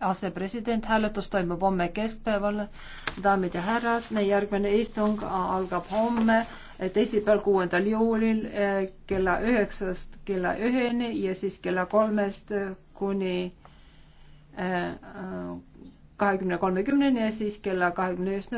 asepresident, hääletus toimub homme keskpäeval. daamid ja härrad, meie järgmine istung algab homme, teisipäeval, kuuendal juulil kella üheksast kella üheni ja siis kella kolmest kuni äh, kahekümne kolmekümneni ja siis kella kahekümne ühest